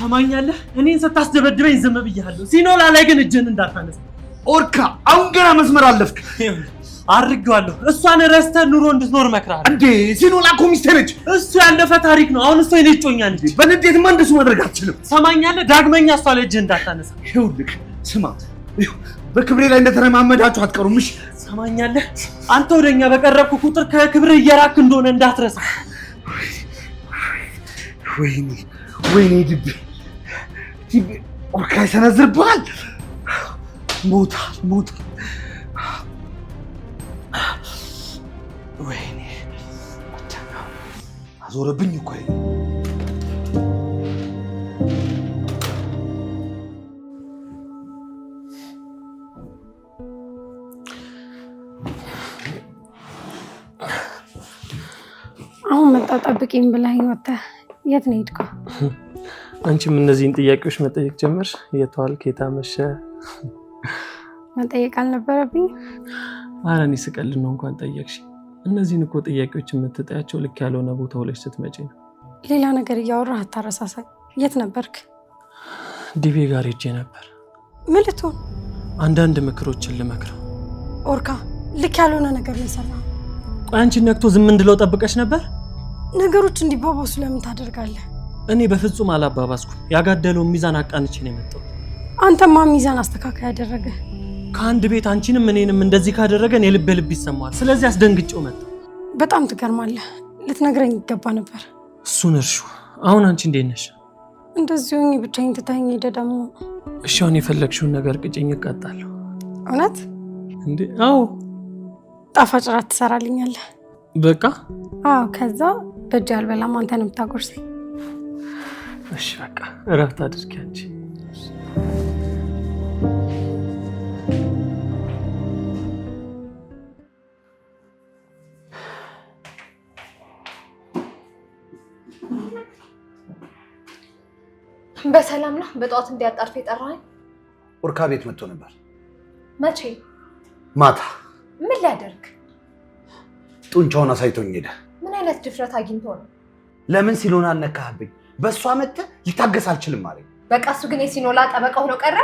ሰማኛለህ? እኔን ስታስደበድበኝ ዝም ብያለሁ። ሲኖላ ላይ ግን እጅህን እንዳታነሳ። ኦርካ አሁን ገና መስመር አለፍክ። አድርጌዋለሁ። እሷን ረስተህ ኑሮ እንድትኖር እመክርሃለሁ። እንዴ ሲኖላ እኮ ሚስቴ ነች። እሱ ያለፈ ታሪክ ነው። አሁን እሷ የኔ እጮኛ ነች። እንደሱ ማድረግ ሰማኛለህ? ዳግመኛ እሷ ላይ እንዳታነሳ። ይኸውልህ፣ ስማ በክብሬ ላይ እንደተረማመዳችሁ አትቀሩም። እሺ ሰማኛለህ? አንተ ወደኛ በቀረብኩ ቁጥር ከክብሬ እየራክ እንደሆነ እንዳትረሳ። ወይኔ ወይኔ ወርካ ይሰነዝርብሃል። ሞታል ሞታል። ወይኔ አዞረብኝ እኮ አሁን መጣ። ጠብቂኝ ብላኝ ወጣ። የት ነው የሄድከው? አንቺም እነዚህን ጥያቄዎች መጠየቅ ጀመር። የተዋል ኬታ መሸ መጠየቅ አልነበረብኝ። ኧረ እኔ ስቀል ነው እንኳን ጠየቅሽ። እነዚህን እኮ ጥያቄዎች የምትጠያቸው ልክ ያልሆነ ቦታ ሁለች ስትመጪ ነው። ሌላ ነገር እያወራህ አታረሳሳኝ። የት ነበርክ? ዲቤ ጋር ሄጄ ነበር። ምልቱ? አንዳንድ ምክሮችን ልመክረው። ኦርካ፣ ልክ ያልሆነ ነገር ነው የሰራው። ቆይ አንቺን ነክቶ ዝም እንድለው ጠብቀሽ ነበር? ነገሮች እንዲባባሱ ለምን ታደርጋለህ? እኔ በፍጹም አላባባስኩም። ያጋደለውን ሚዛን አቃንቼ ነው የመጣው። አንተማ ሚዛን አስተካካይ ያደረገ ከአንድ ቤት አንቺንም እኔንም እንደዚህ ካደረገን የልብ ልብ ይሰማዋል። ስለዚህ አስደንግጬው መጣ። በጣም ትገርማለህ። ልትነግረኝ ይገባ ነበር። እሱን እርሹ። አሁን አንቺ እንዴት ነሽ? እንደዚህ ሆኜ ብቻዬን ትታኝ ሄደ። ደግሞ እሺ፣ አሁን የፈለግሽውን ነገር ቅጭኝ፣ እቀጣለሁ። እውነት እንዴ? አዎ። ጣፋጭ ራት ትሰራልኛለህ? በቃ አዎ። ከዛ በእጅ አልበላም። አንተን ነው የምታጎርሰኝ እሺ በቃ እረፍት አድርጊ አንቺ። በሰላም ነው? በጠዋት እንዲያጣርፍ የጠራኝ ኡርካ ቤት መጥቶ ነበር። መቼ? ማታ። ምን ሊያደርግ? ጡንቻውን አሳይቶኝ ሄደ። ምን አይነት ድፍረት አግኝቶ ነው? ለምን ሲሎን አልነካህብኝ በእሷ መጥተህ ይታገስ አልችልም ማለት በቃ እሱ ግን የሲኖላ ጠበቃ ሆኖ ቀረ።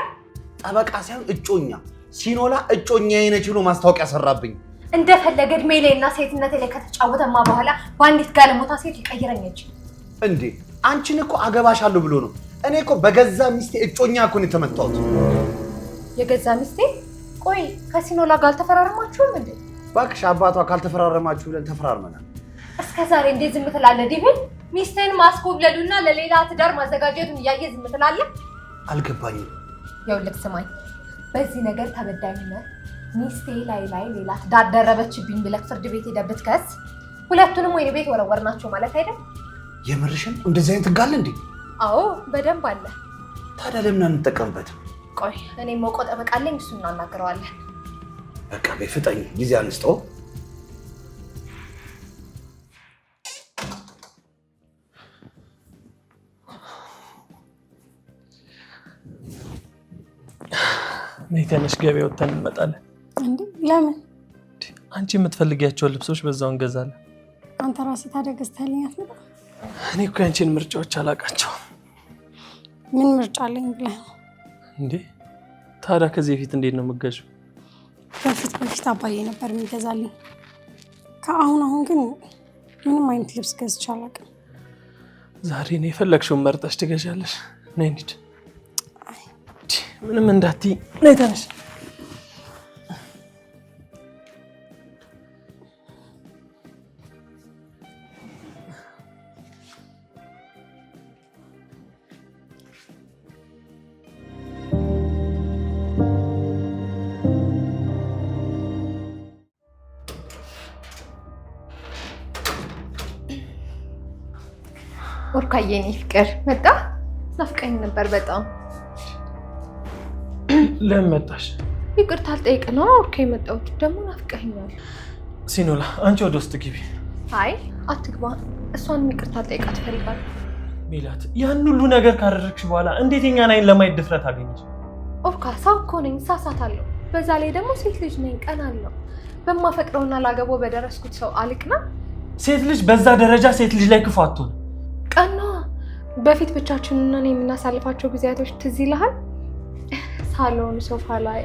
ጠበቃ ሳይሆን እጮኛ፣ ሲኖላ እጮኛ ነች ብሎ ማስታወቂያ ሰራብኝ። እንደፈለገ እድሜ ላይ እና ሴትነት ላይ ከተጫወተማ በኋላ በአንዲት ጋለሞታ ሴት ሊቀይረኝ አይችል እንዴ? አንቺን እኮ አገባሻለሁ ብሎ ነው። እኔ እኮ በገዛ ሚስቴ እጮኛ እኮ ነው የተመታሁት። የገዛ ሚስቴ? ቆይ ከሲኖላ ጋር አልተፈራረማችሁም እንዴ? እባክሽ አባቷ ካልተፈራረማችሁ ብለን ተፈራርመናል። እስከ ዛሬ እንዴት ዝም ትላለህ? ዲቪል ሚስትህን ማስኮብለሉና ለሌላ ትዳር ማዘጋጀቱን እያየ ዝም ትላለህ? አልገባኝም። ይኸውልህ ስማኝ፣ በዚህ ነገር ተበዳኝ ሚስቴ ላይ ላይ ሌላ ትዳር ደረበችብኝ ብለህ ፍርድ ቤት ሄደህ ብትከስ ሁለቱንም ወይን ቤት ወረወርናቸው ማለት አይደል? የምርሽን? እንደዚህ አይነት ህግ አለ እንዴ? አዎ በደንብ አለ። ታዲያ ለምን አንጠቀምበትም? ቆይ እኔም መቆጠብ ቃለኝ፣ እሱን እናናግረዋለን። በቃ በፍጠኝ ጊዜ አንስጠው ነይ ተነሽ፣ ገበያ ወተን እንመጣለን። እንዴ ለምን? አንቺ የምትፈልጊያቸውን ልብሶች በዛው እንገዛለን። አንተ ራስህ ታዲያ ገዝተህልኛት ነው። እኔ እኮ ያንቺን ምርጫዎች አላውቃቸውም። ምን ምርጫ አለኝ ብለህ ነው እንዴ? ታዲያ ከዚህ በፊት እንዴት ነው የምትገዥው? በፊት በፊት አባዬ ነበር የሚገዛልኝ። ከአሁን አሁን ግን ምንም አይነት ልብስ ገዝቼ አላውቅም። ዛሬ ነው የፈለግሽውን መርጠሽ ትገዣለሽ። ነይ እንሂድ ምንም እንዳትዪ ነይ ተነሽ። ወርካዬ፣ የኔ ፍቅር መጣ። ናፍቀኝ ነበር በጣም ለምን መጣሽ? ይቅርታ አልጠይቅ ነው አውርካ የመጣሁት ደግሞ ናፍቀኸኛል። ሲኖላ አንቺ ወደ ውስጥ ግቢ። አይ አትግባ፣ እሷንም ይቅርታ አልጠይቃት እፈልጋለሁ። ሜላት ያን ሁሉ ነገር ካደረግሽ በኋላ እንዴት እኛን አይን ለማየት ድፍረት አገኘች? ኦርካ ሰው እኮ ነኝ፣ እሳሳታለሁ። በዛ ላይ ደግሞ ሴት ልጅ ነኝ፣ ቀናለሁ። በማፈቅረውና ላገባው በደረስኩት ሰው አልቅና ሴት ልጅ በዛ ደረጃ ሴት ልጅ ላይ ክፉ አትሆን። ቀና በፊት ብቻችንና የምናሳልፋቸው ጊዜያቶች ትዝ ይልሃል? ሳሎን፣ ሶፋ ላይ፣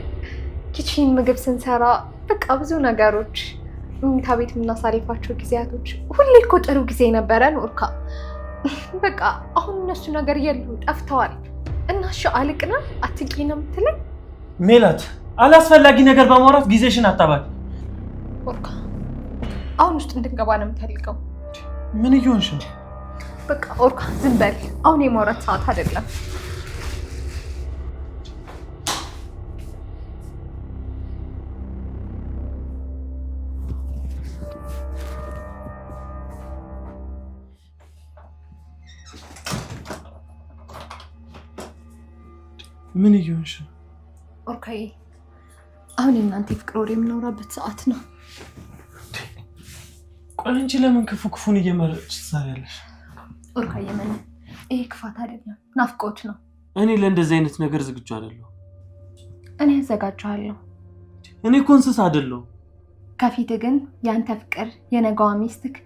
ኪችን ምግብ ስንሰራ በቃ ብዙ ነገሮች ምኝታ ቤት የምናሳልፋቸው ጊዜያቶች ሁሌ እኮ ጥሩ ጊዜ ነበረ። ኡርካ በቃ አሁን እነሱ ነገር የሉ ጠፍተዋል። እና እሺ አልቅና አትቂ ነው የምትለኝ ሜላት? አላስፈላጊ ነገር በማውራት ጊዜሽን አታባል። ኡርካ አሁን ውስጥ እንድንገባ ነው የምፈልገው። ምን እየሆንሽ ነው? በቃ ኡርካ ዝም በል። አሁን የማውራት ሰዓት አይደለም። ምን እየሆንሽ ነው? ኦርካዬ አሁን የእናንተ ፍቅር ወሬ የምናወራበት ሰዓት ነው። ቆይ አንቺ ለምን ክፉ ክፉን እየመረጥሽ ትሰሪያለሽ? ኦርካዬ ምን ይሄ ክፋት አይደለም ናፍቆት ነው። እኔ ለእንደዚህ አይነት ነገር ዝግጁ አይደለሁ። እኔ አዘጋጀዋለሁ። እኔ እኮ እንስሳ አይደለሁ። ከፊት ግን የአንተ ፍቅር የነገዋ ሚስትክ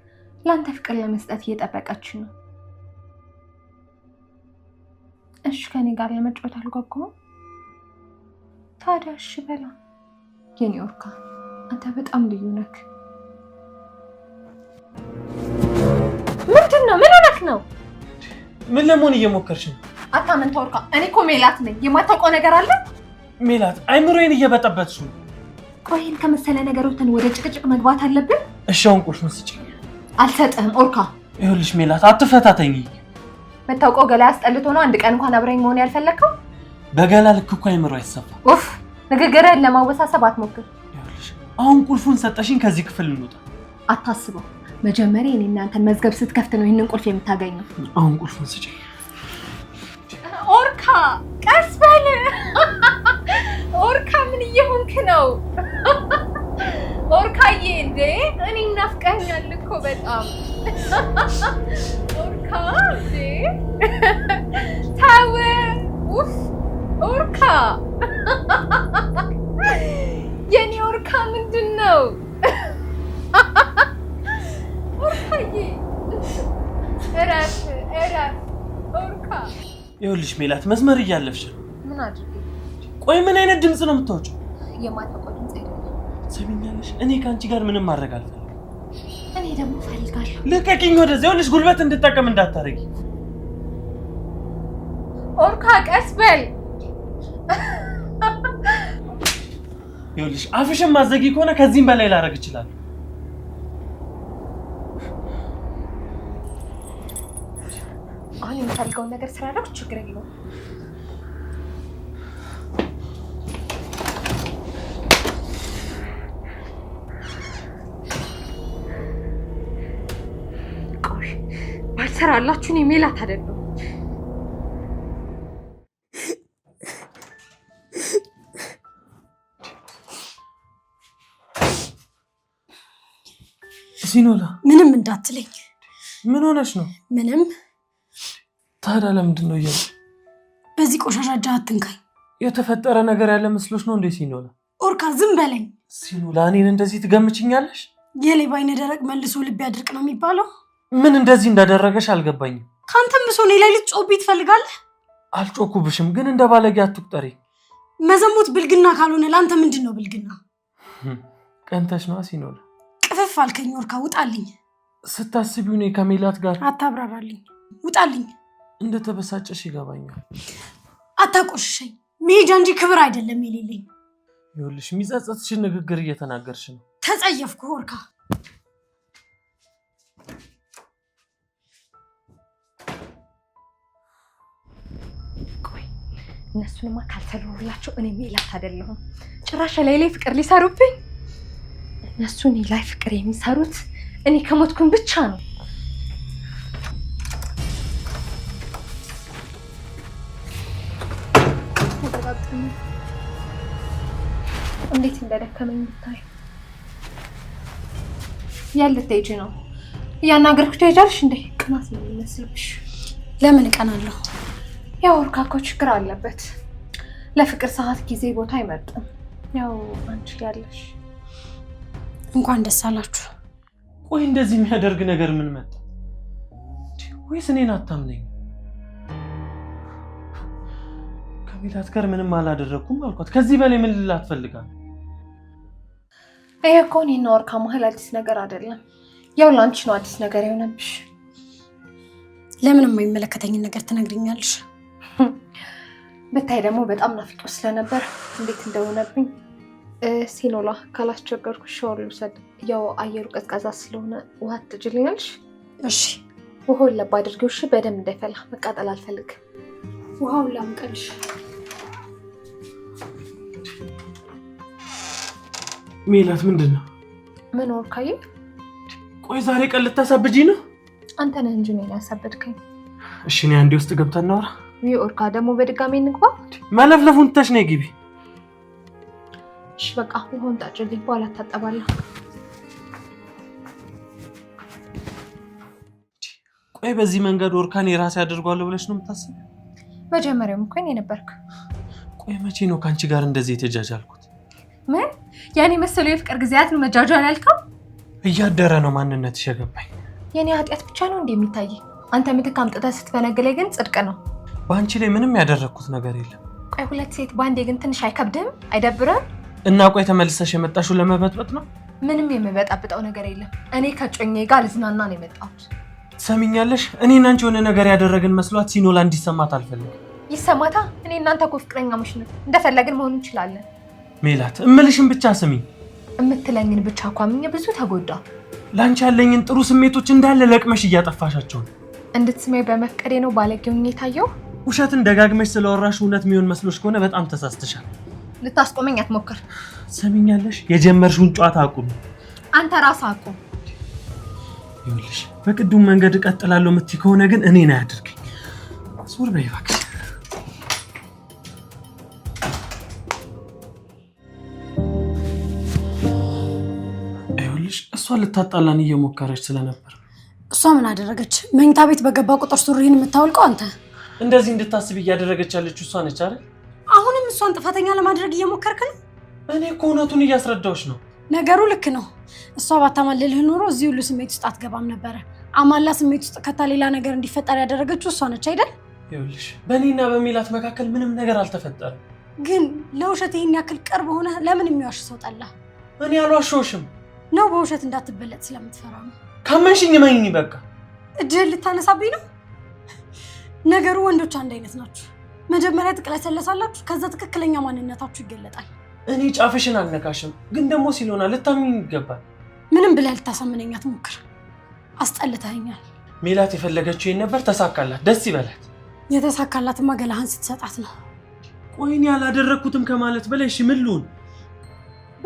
ለአንተ ፍቅር ለመስጠት እየጠበቀች ነው። እሺ ከኔ ጋር ለመጫወት አልጓጓም? ታዲያ እሺ በላ። የኔ ወርካ አንተ በጣም ልዩ ነክ። ምንድን ነው? ምን ሆነክ ነው? ምን ለመሆን እየሞከርሽ ነው? አታመንታ ወርካ፣ እኔ እኮ ሜላት ነኝ። የማታውቀው ነገር አለ? ሜላት አይምሮዬን እየበጠበጥሽ ነው። ቆይን ከመሰለ ነገሮትን ወደ ጭቅጭቅ መግባት አለብን? እሺ አሁን ቁርስ አልሰጥህም። ኦርካ ይኸውልሽ ሜላት አትፈታተኝ የምታውቀው ገላ አስጠልቶ ነው። አንድ ቀን እንኳን አብረኝ መሆን ያልፈለግከው በገላ ልክ እኮ አይምሮ አይሰፋ። ኡፍ ንግግርህን ለማወሳሰብ አትሞክር። አሁን ቁልፉን ሰጠሽኝ፣ ከዚህ ክፍል እንውጣ። አታስበው፣ መጀመሪያ እኔ እናንተን መዝገብ ስትከፍት ነው ይህንን ቁልፍ የምታገኘው። አሁን ቁልፉን ስጪ። ኦርካ ቀስ በል ኦርካ፣ ምን እየሆንክ ነው? ወርካዬ እንዴ እኔ እናፍቀኛል እኮ በጣም ወርካ እንዴ ታወ ውፍ ወርካ የኔ ወርካ ምንድን ነው ይኸውልሽ ሜላት መስመር እያለፍሽ ምን አድርጌ ቆይ ምን አይነት ድምፅ ነው የምታወጪው የማታውቀው ሰሚኛለሽ? እኔ ከአንቺ ጋር ምንም ማድረግ አልፈልግም። እኔ ደግሞ ፈልጋለሁ። ልቀቂኝ! ወደዚያ ይኸውልሽ፣ ጉልበት እንድጠቀም እንዳታረጊ። ኦርካ ቀስ በል። ይኸውልሽ፣ አፍሽን ማዘጊ ከሆነ ከዚህም በላይ ላደርግ እችላለሁ። አሁን የምፈልገውን ነገር ስላደረኩ ችግር የለውም። ትሰራላችሁ። እኔ ሜላት አይደለሁም። ሲኖላ ምንም እንዳትለኝ። ምን ሆነሽ ነው? ምንም። ታዲያ ለምንድን ነው እያሉ በዚህ ቆሻሻ እጅ አትንካኝ። የተፈጠረ ነገር ያለ መስሎች ነው እንዴ? ሲኖላ ኦርካ፣ ዝም በለኝ። ሲኖላ እኔን እንደዚህ ትገምችኛለሽ? የሌባ አይነ ደረቅ መልሶ ልብ ያድርቅ ነው የሚባለው። ምን እንደዚህ እንዳደረገሽ አልገባኝም። ከአንተም ብሶ እኔ ላይ ልትጮህብኝ ትፈልጋለህ? አልጮኩብሽም፣ ግን እንደ ባለጌ አትቁጠሪ። መዘሞት ብልግና ካልሆነ ለአንተ ምንድን ነው ብልግና? ቀንተሽ ነዋ ሲኖል። ቅፍፍ አልከኝ ወርካ፣ ውጣልኝ። ስታስቢው እኔ ከሜላት ጋር አታብራራልኝ፣ ውጣልኝ። እንደተበሳጨሽ ይገባኛል። አታቆሽሸኝ። መሄጃ እንጂ ክብር አይደለም የሌለኝ። ይኸውልሽ የሚጸጸትሽን ንግግር እየተናገርሽ ነው። ተጸየፍኩ ወርካ። እነሱንማ ካልተኖሩላቸው እኔ ሜላት አይደለሁም። ጭራሽ ላይ ላይ ፍቅር ሊሰሩብኝ እነሱ እኔ ላይ ፍቅር የሚሰሩት እኔ ከሞትኩኝ ብቻ ነው። እንዴት እንደደከመኝ ብታይ። ያለ ልትሄጂ ነው? እያናገርኩሽ ትሄጃለሽ እንዴ? ቅናት ነው የሚመስልብሽ? ለምን እቀናለሁ? ያው እርካኮ ችግር አለበት። ለፍቅር ሰዓት፣ ጊዜ፣ ቦታ አይመርጥም። ያው አንቺ ያለሽ እንኳን ደስ አላችሁ። ቆይ እንደዚህ የሚያደርግ ነገር ምን መጣ? ወይስ እኔን አታምነኝ? ከሚላት ጋር ምንም አላደረግኩም አልኳት። ከዚህ በላይ ምን ልላት ፈልጋለሁ? ይሄ እኮ እና ወርካ መሀል አዲስ ነገር አይደለም። ያው ለአንቺ ነው አዲስ ነገር የሆነብሽ። ለምን የማይመለከተኝን ነገር ትነግርኛለሽ? ብታይ ደግሞ በጣም ናፍቆ ስለነበር እንዴት እንደሆነብኝ ሲኖላ ካላስቸገርኩ ሻወር ልውሰድ። ያው አየሩ ቀዝቃዛ ስለሆነ ውሃ ትጅልኛልሽ? እሺ ውሃውን ለብ አድርጊው። እሺ በደንብ እንዳይፈላ መቃጠል አልፈልግም? ውሃውን ላምቀልሽ። ሜላት ምንድን ነው? ምን ወርካዬ? ቆይ ዛሬ ቀን ልታሳብጂ ነው? አንተ ነህ እንጂ እኔን ያሳበድከኝ። እሺ እኔ አንዴ ውስጥ ገብተን እናውራ ኒውዮርካ ደግሞ በድጋሚ እንግባ። መለፍለፉን ትተሽ ነይ ግቢ። እሺ በቃ ውሃውን ጣጭልኝ፣ በኋላ ታጠባለሁ። ቆይ በዚህ መንገድ ወርካን የራሴ አድርጓለሁ ብለሽ ነው የምታስብ? መጀመሪያውም እኮ እኔ ነበርክ። ቆይ መቼ ነው ከአንቺ ጋር እንደዚህ የተጃጃልኩት? ምን ያኔ መሰለው የፍቅር ጊዜያትን መጃጃል ያልከው? እያደረ ነው ማንነትሽ የገባኝ። የኔ ኃጢአት ብቻ ነው እንደ የሚታይ አንተ ምትክ አምጥተህ ስትፈነግለኝ ግን ጽድቅ ነው። በአንቺ ላይ ምንም ያደረግኩት ነገር የለም። ቆይ ሁለት ሴት በአንዴ ግን ትንሽ አይከብድም? አይደብርም? እና ቆይ ተመልሰሽ የመጣሽው ለመበጥበጥ ነው? ምንም የምበጠብጠው ነገር የለም። እኔ ከጮኜ ጋር ልዝናና ነው የመጣሁት። ሰሚኛለሽ? እኔ እናንቺ የሆነ ነገር ያደረግን መስሏት ሲኖላ እንዲሰማት አልፈልግም። ይሰማታ። እኔ እናንተ እኮ ፍቅረኛሞች ነን፣ እንደፈለግን መሆን እንችላለን። ሜላት እምልሽን ብቻ ስሚኝ። እምትለኝን ብቻ አኳምኜ ብዙ ተጎዳ። ላንቺ ያለኝን ጥሩ ስሜቶች እንዳለ ለቅመሽ እያጠፋሻቸው ነው። እንድትስሜ በመፍቀዴ ነው ባለጌው ታየው። ውሸትን ደጋግመሽ ስለወራሽ እውነት የሚሆን መስሎሽ ከሆነ በጣም ተሳስተሻል። ልታስቆመኝ አትሞክር። ሰሚኛለሽ? የጀመርሽውን ጨዋታ አቁም። አንተ ራስ አቁም። ይኸውልሽ በቅዱም መንገድ እቀጥላለሁ የምትይ ከሆነ ግን እኔ አያድርገኝ። ዞር በይ እባክሽ። እሷ ልታጣላን እየሞከረች ስለነበር እሷ ምን አደረገች? መኝታ ቤት በገባ ቁጥር ሱሪህን የምታወልቀው አንተ እንደዚህ እንድታስብ እያደረገች ያለችው እሷ ነች አይደል? አሁንም እሷን ጥፋተኛ ለማድረግ እየሞከርክ ነው። እኔ እኮ እውነቱን እያስረዳሁሽ ነው። ነገሩ ልክ ነው። እሷ ባታማልልህ ኑሮ እዚህ ሁሉ ስሜት ውስጥ አትገባም ነበረ። አማላ ስሜት ውስጥ ከታ ሌላ ነገር እንዲፈጠር ያደረገችው እሷ ነች አይደል? ይኸውልሽ በእኔና በሚላት መካከል ምንም ነገር አልተፈጠረም። ግን ለውሸት ይህን ያክል ቅርብ ሆነ ለምን የሚዋሽ ሰው ጠላ? እኔ አልዋሸሁሽም ነው። በውሸት እንዳትበለጥ ስለምትፈራ ነው። ካመንሽኝ መኝ በቃ። እጅህን ልታነሳብኝ ነው ነገሩ ወንዶች አንድ አይነት ናችሁ። መጀመሪያ ትቅለሰለሳላችሁ፣ ከዛ ትክክለኛ ማንነታችሁ ይገለጣል። እኔ ጫፍሽን አልነካሽም፣ ግን ደግሞ ሲሎና ልታምኝ ይገባል። ምንም ብለህ ልታሳምነኝ አትሞክር፣ አስጠልተኸኛል። ሜላት የፈለገችው ይሄን ነበር፣ ተሳካላት፣ ደስ ይበላት። የተሳካላትማ ገላህን ስትሰጣት ነው። ቆይኔ እኔ አላደረግኩትም ከማለት በላይ እሺ ምን ልሁን?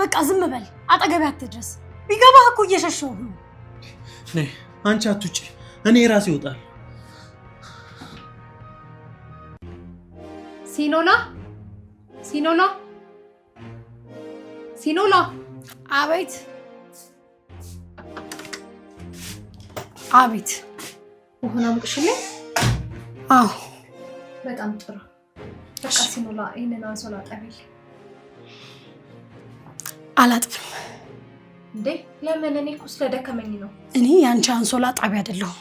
በቃ ዝም በል፣ አጠገቤ አትድረስ። ቢገባህ እኮ እየሸሸሁህ ነው። አንቺ አትውጪ፣ እኔ ራሴ እወጣለሁ። ሲኖላ ሲኖላ ሲኖላ። አቤት አቤት። ውሃ አምጥሽልኝ። አዎ በጣም ጥሩ። በቃ ሲኖላ፣ ይህንን አንሶላ ጠቢል። አላጥፍም እንዴ? ለምን? እኔ እኮ ስለደከመኝ ነው። እኔ የአንቺ አንሶላ ጣቢ አይደለሁም።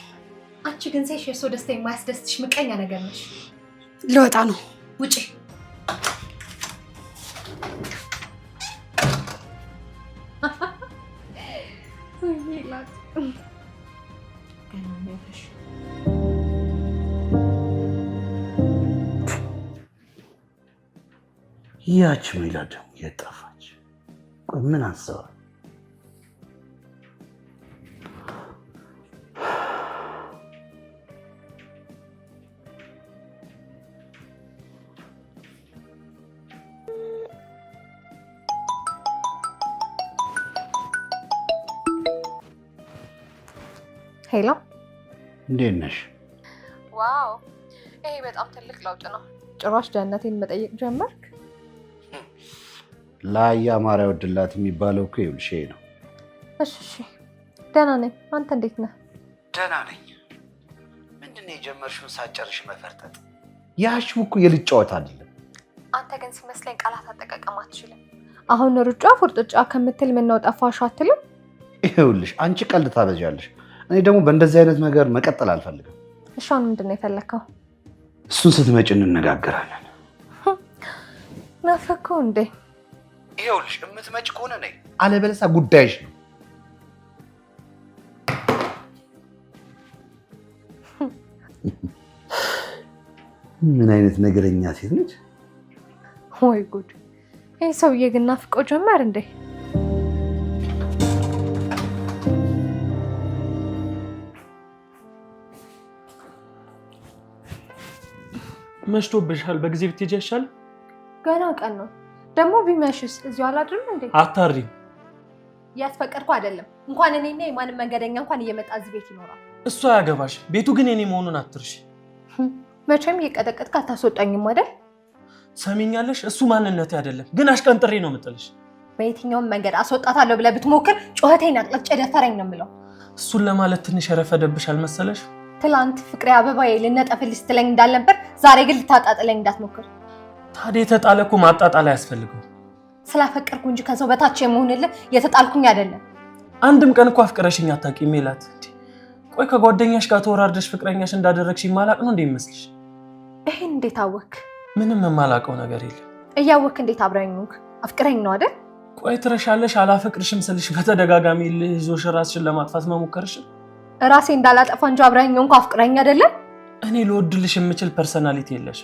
አንቺ ግን ሴሽ የሰው ደስታ የማያስደስትሽ ምቀኛ ነገር ነሽ። ልወጣ ነው ውጪ። ያች ሜላ ደግሞ የጠፋች ምን አስባል እንዴት ነሽ? ዋው ይሄ በጣም ትልቅ ለውጥ ነው። ጭራሽ ደህንነቴን መጠየቅ ጀመርክ። ላይ ማር ወድላት የሚባለው እኮ ይኸውልሽ ነው። እሺ እሺ፣ ደህና ነኝ። አንተ እንዴት ነህ? ደህና ነኝ። ምንድን ነው የጀመርሽውን ሳጨርሽ መፈርጠጥ? ያሽ እኮ የልጅ ጨዋታ አይደለም። አንተ ግን ሲመስለኝ ቃላት አጠቃቀም አትችልም። አሁን ሩጫ ፉርጥጫ ከምትል ምነው ጠፋሽ አትልም? ይኸውልሽ አንቺ ቀልድ ታበዣለሽ እኔ ደግሞ በእንደዚህ አይነት ነገር መቀጠል አልፈልግም። እሷን ምንድን ነው የፈለግከው? እሱን ስትመጭ እንነጋገራለን። ናፈከው እንዴ? ይኸውልሽ የምትመጭ ከሆነ ነይ፣ አለበለዚያ ጉዳይሽ ነው። ምን አይነት ነገረኛ ሴት ነች! ወይ ጉድ! ይህ ሰውዬ ግን ናፍቀው ጀመር እንዴ? መሽቶብሻል። በጊዜ ብትሄጂ ይሻል። ገና ቀን ነው። ደግሞ ቢመሽስ እዚሁ አላድርም እንዴ? አታድሪም። ያስፈቀድኩ አይደለም። እንኳን እኔና የማንም መንገደኛ እንኳን እየመጣ እዚህ ቤት ይኖራል። እሱ አያገባሽ። ቤቱ ግን የኔ መሆኑን አትርሽ። መቼም እየቀጠቀጥክ አታስወጣኝም አይደል? ሰሚኛለሽ? እሱ ማንነቴ አይደለም፣ ግን አሽቀንጥሬ ነው የምጥልሽ። በየትኛውም መንገድ አስወጣታለሁ ብለህ ብትሞክር ጩኸቴን አቅለጭ ደፈረኝ ነው የምለው። እሱን ለማለት ትንሽ የረፈደብሽ አልመሰለሽ? ትላንት ፍቅሬ አበባዬ ልነጠፍልሽ ስትለኝ እንዳልነበር ዛሬ ግን ልታጣጥለኝ እንዳትሞክር። ታዲያ የተጣለ እኮ ማጣጣል አያስፈልግም። ስላፈቀርኩ እንጂ ከሰው በታች የመሆንልህ የተጣልኩኝ አይደለም። አንድም ቀን እኮ አፍቅረሽኝ አታውቂም ሜላት። ቆይ ከጓደኛሽ ጋር ተወራርደሽ ፍቅረኛሽ እንዳደረግሽ ማላቅ ነው እንዴ ይመስልሽ? ይሄን እንዴት አወክ? ምንም የማላውቀው ነገር የለም። እያወክ እንዴት አብረኝ አፍቅረኝ ነው አይደል? ቆይ ትረሻለሽ አላፈቅርሽም ስልሽ በተደጋጋሚ ልህ ይዞሽ ራስሽን ለማጥፋት መሞከርሽም ራሴ እንዳላጠፋ እንጂ አብረኸኝ እንኳ አፍቅረኝ አይደለም። እኔ ልወድልሽ የምችል ፐርሰናሊቲ የለሽ።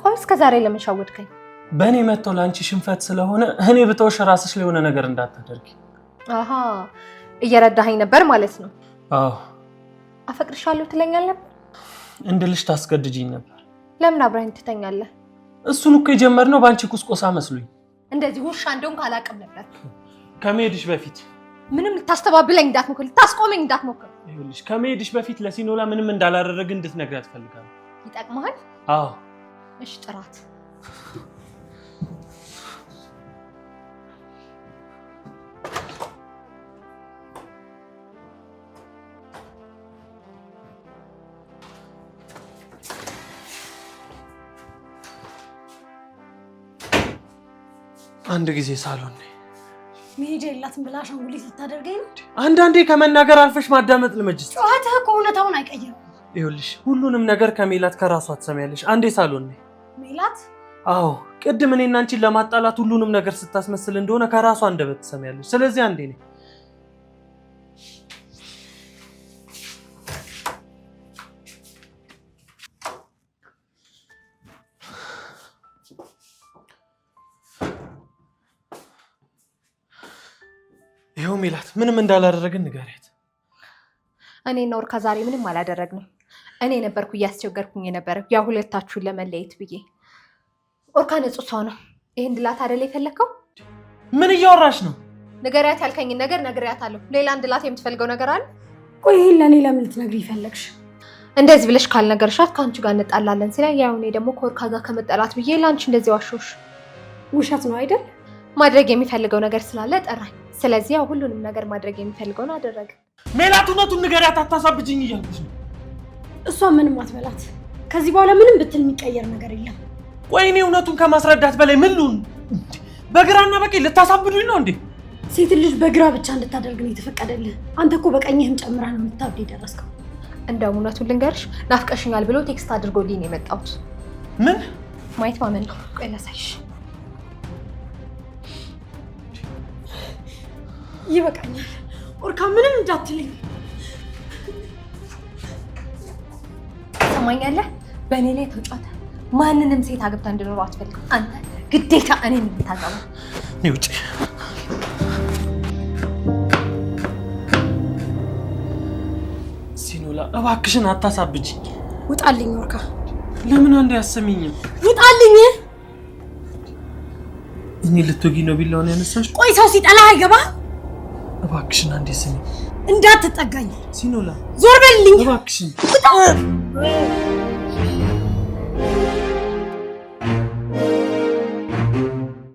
ቆይ እስከ ዛሬ ለመሻወድከኝ በእኔ መጥቶ ለአንቺ ሽንፈት ስለሆነ እኔ ብተውሽ ራስሽ ሊሆነ ነገር እንዳታደርጊ። አሀ እየረዳኸኝ ነበር ማለት ነው። አዎ አፈቅርሻለሁ ትለኛል ነበር እንድልሽ ታስገድጅኝ ነበር። ለምን አብረኸኝ ትተኛለህ? እሱን እኮ የጀመርነው በአንቺ ቁስቆሳ መስሉኝ። እንደዚህ ውሻ እንደውም ካላቅም ነበር ከመሄድሽ በፊት ምንም ልታስተባብለኝ እንዳትሞክር፣ ልታስቆመኝ እንዳትሞክር። ይኸውልሽ ከመሄድሽ በፊት ለሲኖላ ምንም እንዳላደረግ እንድትነግራት እፈልጋለሁ። ይጠቅመሃል? አዎ። እሽ፣ ጥራት አንድ ጊዜ ሳሎን መሄጃ የላትም ብላ አሻንጉሊት ልታደርገኝ ነው። አንዳንዴ ከመናገር አልፈሽ ማዳመጥ ልመጅስ። ጨዋታህ እኮ እውነታውን አይቀይርም። ይኸውልሽ ሁሉንም ነገር ከሜላት ከራሷ ትሰሚያለሽ። አንዴ ሳሎን ሜላት። አዎ ቅድም እኔና አንቺን ለማጣላት ሁሉንም ነገር ስታስመስል እንደሆነ ከራሷ አንደበት ትሰሚያለሽ። ስለዚህ አንዴ ነኝ ነው ሚላት። ምንም እንዳላደረግን ንገሪያት። እኔ እና ወርካ ዛሬ ምንም አላደረግንም። እኔ ነበርኩ እያስቸገርኩኝ የነበረው ያ ሁለታችሁን ለመለየት ብዬ። ወርካ ንጹህ ሰው ነው። ይህ እንድላት አደለ የፈለግከው? ምን እያወራሽ ነው? ንገሪያት ያልከኝን ነገር ነግሬያታለሁ። ሌላ እንድላት የምትፈልገው ነገር አለ? ቆይ ይህን ለእኔ ለምን ልትነግሪኝ ፈለግሽ? እንደዚህ ብለሽ ካልነገርሻት ከአንቺ ጋር እንጣላለን ሲለኝ፣ ያው እኔ ደግሞ ከወርካ ጋር ከመጠላት ብዬ ለአንቺ እንደዚህ ዋሾሽ። ውሸት ነው አይደል? ማድረግ የሚፈልገው ነገር ስላለ ጠራኝ። ስለዚህ ያው ሁሉንም ነገር ማድረግ የሚፈልገውን አደረገ። ሜላት እውነቱን ንገሪያት፣ አታሳብጅኝ እያለች ነው። እሷ ምንም አትበላት። ከዚህ በኋላ ምንም ብትል የሚቀየር ነገር የለም። ቆይ እኔ እውነቱን ከማስረዳት በላይ ምን ልሁን? በግራና በቀኝ ልታሳብዱኝ ነው እንዴ? ሴት ልጅ በግራ ብቻ እንድታደርግ ነው የተፈቀደልህ። አንተ እኮ በቀኝህም ጨምራ ነው የምታብድ የደረስከው። እንደውም እውነቱን ልንገርሽ ናፍቀሽኛል ብሎ ቴክስት አድርጎልኝ ነው የመጣሁት። ምን ማየት ማመን ነው። ቆይ ላሳይሽ ይበቃኛል። ኦርካ ምንም እንዳትልኝ ሰማኛለህ። በእኔ ላይ ተጫወተ። ማንንም ሴት አግብታ እንድኖረው አትፈልግም። አንተ ግዴታ እኔን የምታገባ ውጭ ሲኖላ፣ እባክሽን አታሳብጅኝ። ውጣልኝ ኦርካ። ለምን አንድ ያሰሚኝም? ውጣልኝ። እኔ ልትወጊ ነው ቢላውን ያነሳሽ። ቆይ ሰው ሲጠላ አይገባ እባክሽን አንዴ ስሚ። እንዳትጠጋኝ ሲኖላ ዞር በልኝ እባክሽን።